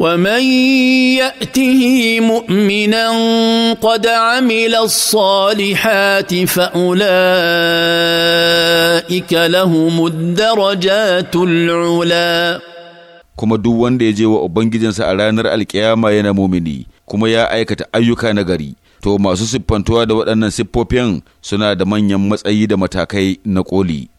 ومن ياته مؤمنا قد عمل الصالحات فاولئك لهم الدرجات العلى kuma duk wanda ya je wa ubangijinsa a ranar alkiyama yana mumini kuma ya aikata ayyuka na gari to masu siffantuwa da waɗannan siffofin suna da manyan matsayi da matakai na koli